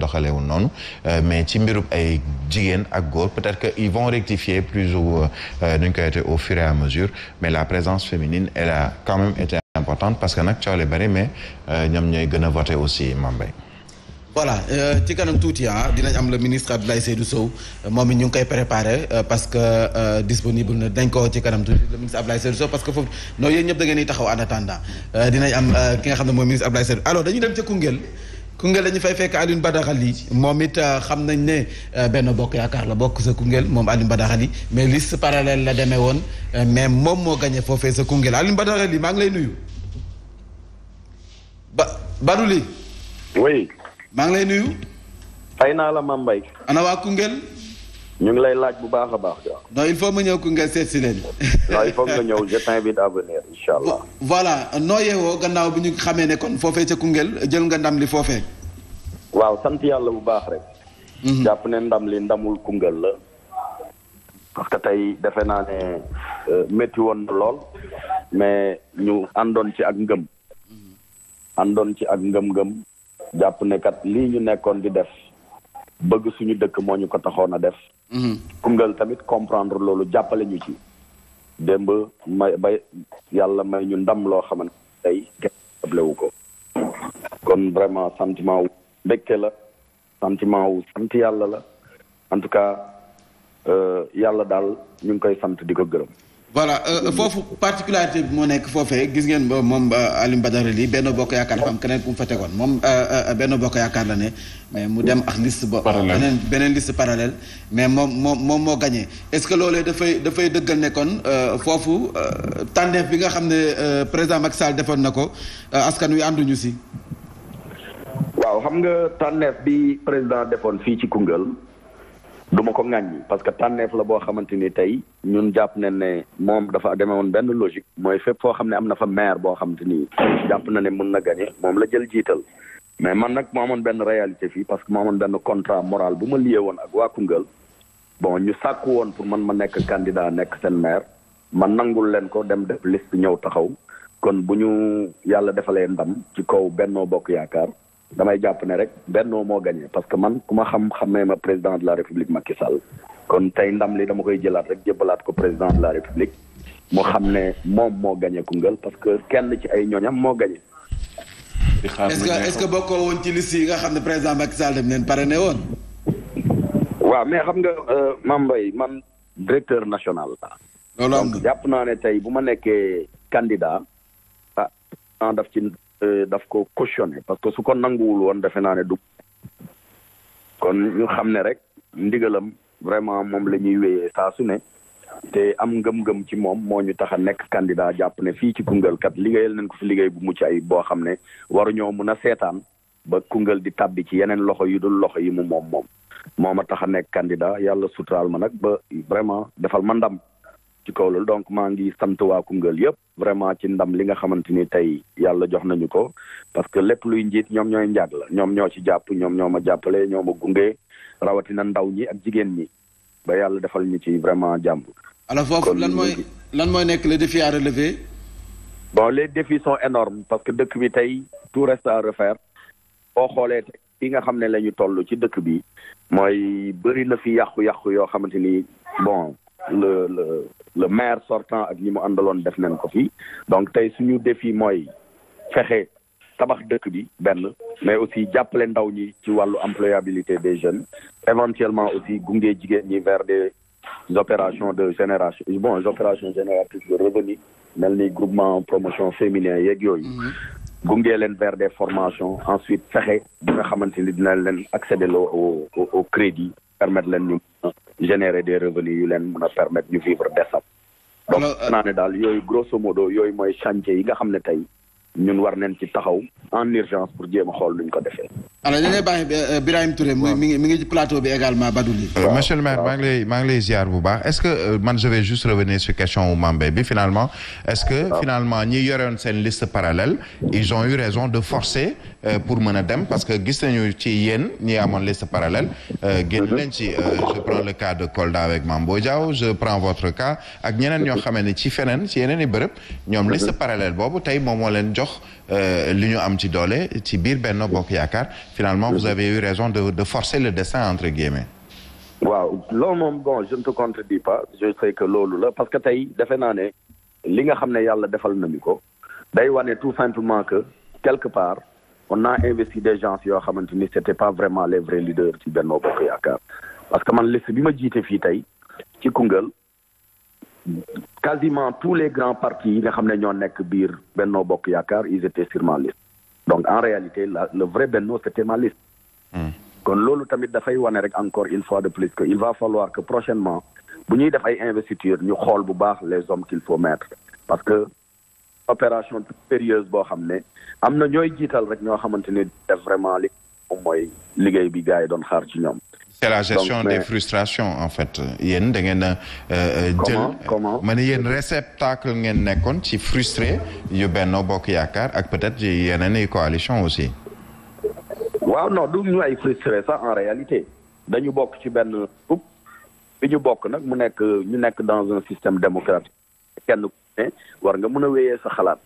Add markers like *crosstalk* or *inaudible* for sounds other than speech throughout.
doxalewul noonu euh, mais ci mbirub ay jigéen ak góor peut-être que ils vont rectifier plus ou nuñ koy été au fur et à mesure mais la présence féminine elle a quand même été importante parce que nag coow li bari mais euh, ñoom ñooy gën a voté aussi Mambay voilà euh, ci kanam tuuti ah dinañ am le ministre Abdoulaye Seydou Sow moom it ñu ngi koy préparé parce que disponible na dañ ko ci kanam tuuti le ministre Abdoulaye Seydou Sow parce que foofu non yéen ñëpp da ngeen am ne mooy ministre Abdoulaye Seydou dañu dem ca Koungheul la ñu fay fekk Alioune Badara Ly moom it euh, xam nañ ne euh, benn bokk yaakaar la bokk sa Koungheul moom Alioune Badara Ly mais liste parallèle la demee woon euh, mais moom moo gagné foofee sa Koungheul Alioune Badara Ly maa ngi lay nuyu. Ba Badou Ly. oui. maa ngi lay nuyu. fay naa la mam mbay ana waa Koungheul. ñu ngi lay laaj bu baax a baax. non il faut ma ñëw ku nga seet si leen. *laughs* non il faut nga ñëw je t'invite à venir incha allah. voilà noo yeewoo gannaaw bi ñu xamee ne kon foofee ca Koungheul jël nga ndam li foofee. waaw sant yàlla bu baax rek. Mhm. jàpp ne ndam li ndamul Koungheul la. parce que tey defe naa ne euh, métti woon lool mais ñu àndoon ci ak ngëm. Mhm. àndoon ci ak ngëm-ngëm. jàpp ne li ñu nekkoon di def. bëgg suñu dëkk moo ñu ko taxoon a def. Koungheul tamit comprendre loolu jàppale ñu ci. démb may bay yàlla may ñu ndam loo xamante tey kenn wu ko. kon vraiment sentiment wu mbégte la. sentiment wu sant yàlla la. en tout cas euh, yàlla daal ñu ngi koy sant di ko gërëm. voilà euh, euh, foofu particularité bi moo nekk foofee gis ngeen moom euh, Alioune Badara Ly benn bokk yaakaar dafa am keneen ku mu fa tegoon moom benn bokk yaakaar la ne mais mu dem ak liste ba beneen beneen liste parallèle mais moom moom moom moo gagné est ce que loolee dafay dafay dëggal ne kon foofu tànneef bi nga xam ne président Macky Sall defoon na ko askan wi ànduñu si waaw xam nga tànneef bi président defoon fii ci Koungheul du ma ko ŋàññi parce que tànneef la boo xamante ni tey ñun jàpp nañ ne moom dafa deme woon benn logique mooy fépp foo xam ne am na fa maire boo xamante ni jàpp na ne mën na gagné moom la jël jiital mais man nag ma amoon benn réalité fii parce que ma amoon benn contrat moral bu ma lié woon ak waa Koungheul bon ñu sàkku woon pour man ma nekk candidat nekk seen maire man nangul leen ko dem def liste ñëw taxaw kon bu ñu yàlla defalee ndam ci kaw Benno Bokk Yaakaar damay jàpp ne rek benn moo gagné parce que man ku ma xam xamee ma président de la république Macky Sall kon tey ndam li dama koy jëlaat rek jébbalaat ko président de la république moo xam ne moom moo gagné Koungheul parce que kenn ci ay ñooñam moo gagné. di xaar est est-ce que woon ci liste yi nga xam ne président Macky Sall dem leen parrainé woon. waaw mais xam nga euh, Mame Mbaye man directeur national la. jàpp naa ne tey bu ma nekkee candidat ah daf ci. Euh, daf ko cautionné parce que su ko nanguwul woon defe naa ne dug kon xam ne rek ndigalam vraiment moom la ñuy wéyee su ne te am ngëm-ngëm ci moom moo ñu tax a nekk kandida jàpp ne fii ci Koungheul kat liggéeyal nañ ko fi liggéey bu mucc ayib boo xam ne waruñoo mun a seetaan ba Koungheul di tàbbi ci yeneen loxo yi dul loxo yi mu moom moom moo ma tax a nekk candidat yàlla suturaal ma nag ba vraiment defal ma ndam ci kaw loolu donc maa ngi sant waa Koungheul yëpp vraiment ci ndam li nga xamante ni tey yàlla jox nañu ko parce que lépp luy njiit ñoom ñooy njaag la ñoom ñoo ci jàpp ñoom ñoo ma jàppale ñoo ma gunge rawatina ndaw ñi ak jigéen ñi ba yàlla defal ñu ci vraiment jàmm. alors foofu lan mooy nekk les défis à relever. bon les défis sont énormes parce que dëkk bi tey tout reste à refaire boo xoolee fi nga xam ne lañu ñu toll ci dëkk bi mooy bëri na fi yàqu-yàqu yoo xamante ni bon. le le le maire sortant ak ñi mu àndaloon def nañ ko fii donc tey suñu défi mooy fexe tabax dëkk bi benn mais aussi jàppale ndaw ñi ci wàllu employabilité des jeunes éventuellement aussi gunge jigéen ñi vers des opérations de génération bon opérations génératrices de revenus mel ni groupement promotion féminin yeeg yooyu mm-hmm. gunge leen vers des formations ensuite fexe bi nga xamante ni dina leen accéder au au crédit permettre leen ñu générer des revenus yu leen mën a ñu vivre décemment. donc euh, naa ne daal yooyu grosso modo yooyu mooy chantier yi nga xam ne tey ñun war nañ ci taxaw en urgence pour jéem a xool luñ ko defee. alors ñu ngi lay euh, euh, Birahim Touré. mi ngi plateau bi également Badouli. waaw euh, monsieur le maire maa ngi bu baax est-ce que man je vais juste revenir sur question wu Mambey bi finalement. est-ce que finalement ñi yoroon seen liste parallèle. ils ont eu raison de forcer pour mën a dem parce que gis nañu ci yéen ñi amoon liste parallèle. génn mhm. nañ ci je prends le cas de Kolda avec Mambo Diaw je prends votre cas ak ñeneen ñoo mhm. ci feneen ci yeneen i bërëb ñoom mhm. liste parallèle jox euh, li ñu am ci doole ci biir Benno Bokk Yaakaar finalement vous avez eu raison de de forcer le destin entre guillemets. waaw loolu moom bon je ne te contredis pas je sais que loolu la parce que tey defe naa ne li nga xam ne yàlla defal nañu ko day wane tout simplement que quelque part on na investi des gens yoo xamante ni c'était pas vraiment les vrais leaders ci Benno Bokk Yaakaar parce que man liste bi ma jiite fii tey ci Koungheul quasiment tous les grands partis yi nga xam ne ñoo nekk biir Benno Bokk Yaakaar ils étaient sur ma liste donc en réalité la le vrai Benno c'était ma hmm. kon loolu tamit dafay wane rek encore une fois de plus que il va falloir que prochainement bu ñuy def ay investiture ñu xool bu baax les hommes qu'il faut mettre parce que opération périlleuse boo xam ne am na ñooy jiital rek ñoo xamante ni def vraiment li liggéey bi gars yi doon xaar ci ñoom. c'est la gestion donc, mais... en fait yéen da ngeen a. Euh, euh, jël ma ne yéen réceptacle ngeen nekkoon ci frustré yu Benno Bokk Yaakaar ak peut-être yeneen i coalition aussi. waaw non du ñu ay frustré sax en réalité dañu bokk ci benn groupe bi ñu bokk nag mu nekk ñu nekk dans un système démocratique kenn ku war nga mun a wéyee sa xalaat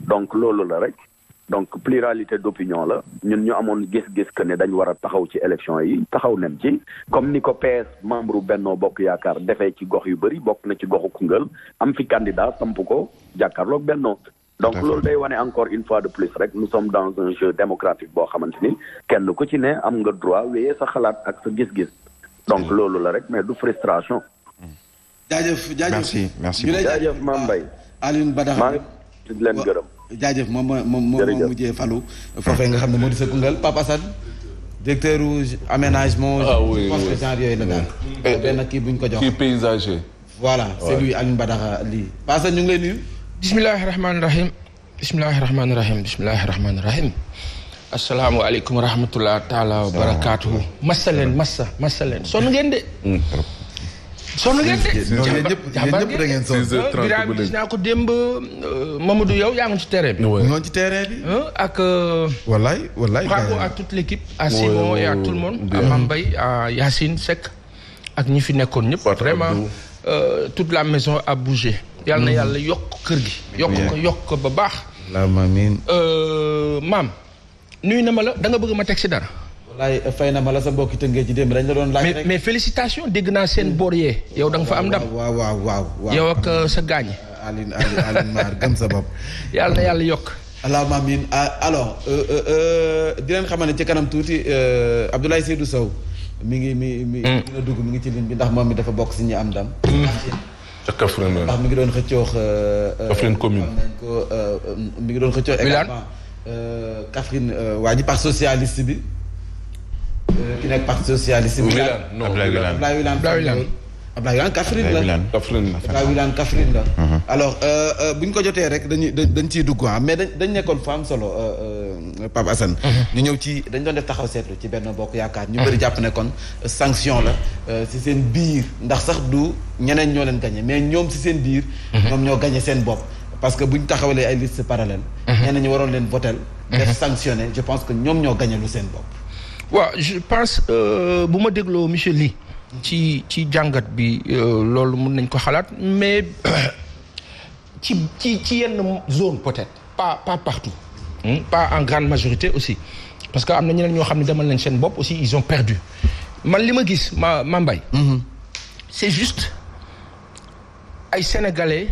donc loolu la rek. donc pluralité d'opinion la ñun ñu amoon gis-gis que ne dañ war a taxaw ci élection yi taxaw nañ ci comme ni ko PS membre Benno Bokk Yaakaar defee ci gox yu bëri bokk na ci goxu Koungheul am fi candidat samp ko jàkkaarloog Benno donc loolu day wane encore une fois de plus rek nous sommes dans un jeu démocratique boo xamante ni kenn ko ci ne am nga droit wéyee sa xalaat ak sa gis-gis donc loolu la rek mais du frustration jaajëf jaajëf merci merci jaajëf Mame Mbaye Alioune Badara maa ngi leen gërëm jaajëf moom moom moom mujjee falu foofee nga xam ne moo di sa Koungheul Papa Assane directeur rouge aménagement. ah oui oui eh, kii bu ñu ko jox kii paysager. voilà c'est lui Alioune Badara lii. Papa ñu ngi lay nuyu. bismillahi rahmaani rahim bismillahi rahmaani rahim bismillahi rahmaani rahim. asalaamualeykum wa rahmatulah taalaa wa barakaatu. massa leen massa massa leen sonn ngeen de. Hmm, sonn ngeen de. non yéen ñëpp yéen ñëpp da ngeen sonn. 6 naa ko démb euh, Mamadou yow yaa ngi ci terrain bi. ñoo ci terrain bi. ak. Euh, wallaay wallaay. bravo à toute l' équipe. à Simon et à tout le monde. à Mambay à Yacine Seck. ak ñi fi nekkoon ñëpp. vraiment euh, toute la maison a bougé. yàlla na mm. yàlla yokk kër gi. yokk ko yokk ko ba baax. la maam. nuyu na ma la da nga bëgg ma teg si dara. laay fay na ma la sa mbokki tëngee ci démb dañ la doon laaj rek mais félicitations dégg naa seen boor yee yow da nga fa am ndam waaw waaw waaw yow ak euh, sa gaañ *laughs* Aline Aline Aline Mar gëm sa bopp *laughs* yàlla na yàlla yokk allahumma amin ah, alors euh, euh, di leen xamal ne ci kanam tuuti Abdoulaye Seydou Sow mi ngi mi mi dina hmm. dugg mi ngi ci ligne bi ndax moom mi dafa bokk si ñi am ndam hmm. ca Kaffrine mi ngi doon xëccoox Kaffrine commune nañ ko ngi doon xëccoox également Kaffrine waa ji parti socialiste bi ki nekk parti socialiste. Wilane non mhm. euh, euh, ko jotee rek dañuy dañ ciy dugg ah mais dañ dañ nekkoon fa am solo euh, Pape mhm. ci dañ doon def taxaw seetlu ci benn bokk yaakaar ñu bëri mhm. jàpp ne kon sanction la seen biir ndax sax du ñeneen ñoo leen gañe mais si seen biir ñoom ñoo gañe seen bopp parce que bu ñu taxawalee ay listes parallèles ñeneen ñu waroon leen votel def sanctionné je pense que ñoom ñoo gañe lu seen bopp waaw je pense euh, bu ma dégloo monsieur Ly ci ci jàngat bi euh, loolu mun nañ ko xalaat mais *clears throat* ci ci ci yenn zone peut-être pas pas partout hmm? pas en grande majorité aussi parce que am na ñeneen ñoo xam ne demal nañ seen bopp aussi ils ont perdu man li ma gis ma ma mbay hmm. c'est juste ay sénégalais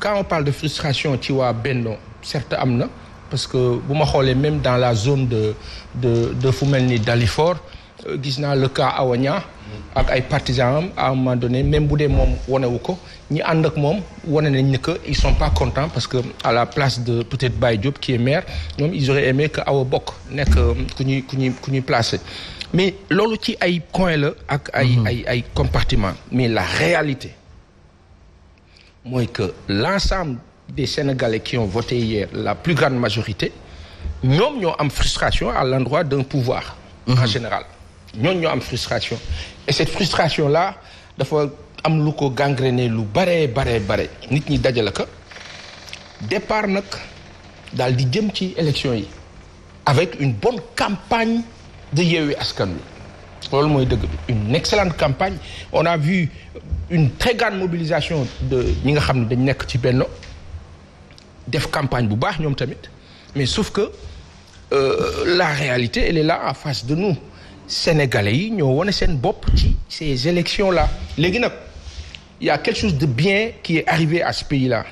quand on parle de frustration ci waa Benno certes am na parce que bu ma xoolee même dans la zone de de de fu mel ni Dalifort euh, gis naa le cas Awania ak ay partisans am à moment donné même bu dee moom wanewu ko ñi ànd ak moom wane nañ ni que ils sont pas contents parce que à la place de peut-être Baye Diop qui est maire ñoom ils auraient aimé que Awa Bokk nekk euh, ku ñuy ku ñuy ku ñuy placé mais loolu ci ay coin la ak ay mhm. ay ay compartiment mais la réalité mooy que l'ensemble des Sénégalais qui ont voté hier la plus grande majorité ñoom ñoo am frustration à l'endroit d'un pouvoir en mhm. général ñoom ñoo am frustration et cette frustration là dafa am lu ko gangréné lu bare bare bare nit ñi dajale ko départ nag daal di jëm ci élection yi avec une bonne campagne de Yewwi Askan Wi loolu mooy dëgg bi une excellente campagne on a vu une très grande mobilisation ñi nga xam ne dañ nekk ci Benno def campagne bu baax ñoom tamit mais sauf que euh, la réalité elle est là en face de nous sénégalais yi ñoo wane seen bopp ci ces élections là léegi nag y a quelque chose de bien qui est arrivé à ce pays là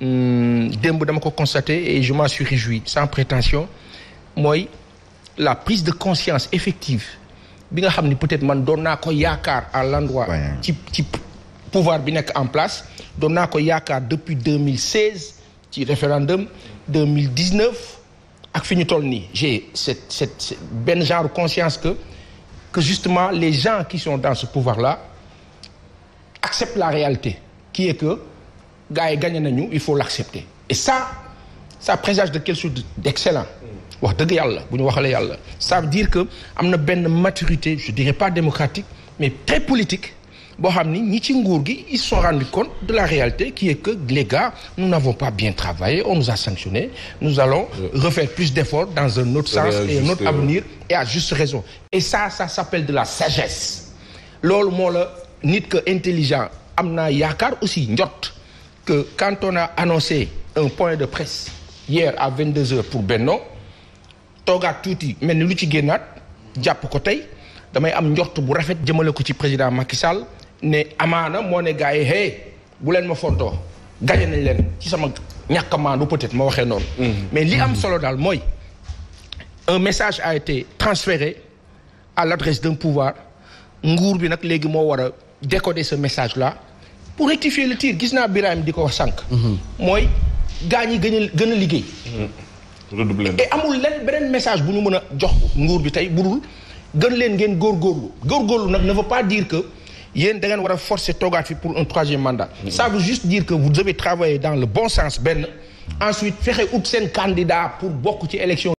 hmm, démb dama ko constaté et je m'en suis réjoui sans prétention mooy la prise de conscience effective bi nga xam ni peut-être man doon naa ko yaakaar à l'endroit ci pouvoir bi nekk en place doon ko yaakaar depuis ci référendum 2019 ak fi ñu toll nii j'ai cette cette benn genre conscience que que justement les gens qui sont dans ce pouvoir là acceptent la réalité qui est que gars yi gagné nañu il faut l'accepter et ça ça présage de quelque chose d'excellent wax dëgg yàlla bu ñu waxalee yàlla ça veut dire que am na benn maturité je dirais pas démocratique mais très politique boo xam ni ñi ci nguur gi ils se sont rendus compte de la réalité qui est que les gars nous n'avons pas bien travaillé on nous a sanctionné nous allons euh. refaire plus d'efforts dans un autre sens et un autre avenir et à juste raison et ça ça s'appelle de la sagesse loolu moo la nit que intelligent am na yaakaar aussi njot que quand on a annoncé un point de presse hier à vingt 22 heures pour Benno toogaat tuuti mel ni lu ci génnaat jàpp ko tey damay am njort bu rafet jëmale ko ci président Macky Sall ne amaana moo ne gars yi hey bu leen ma fontoo gañe na leen ci sama ñàkk a maandu peut-être ma waxee noonu. Mm. mais li am mm. solo daal mooy un message a été transféré à l'adresse d'un pouvoir nguur bi nag léegi moo war a décoder ce message la pour rectifier la tir gis naa Birahim di ko wax sànq. Mm-hmm. mooy gaa ñi gën a gën a liggéey. Mm-hmm. et amul leen beneen message bu ñu mën a jox nguur bi tey budul gën leen ngeen góor góorgóorlu nag ne veut pas dire que. yéen da ngeen war a forcé toogaat fi pour un troisième mandat. ça veut juste dire que vous devez travailler dans le bon sens benn ensuite fexe ut seen candidat pour bokk ci élection.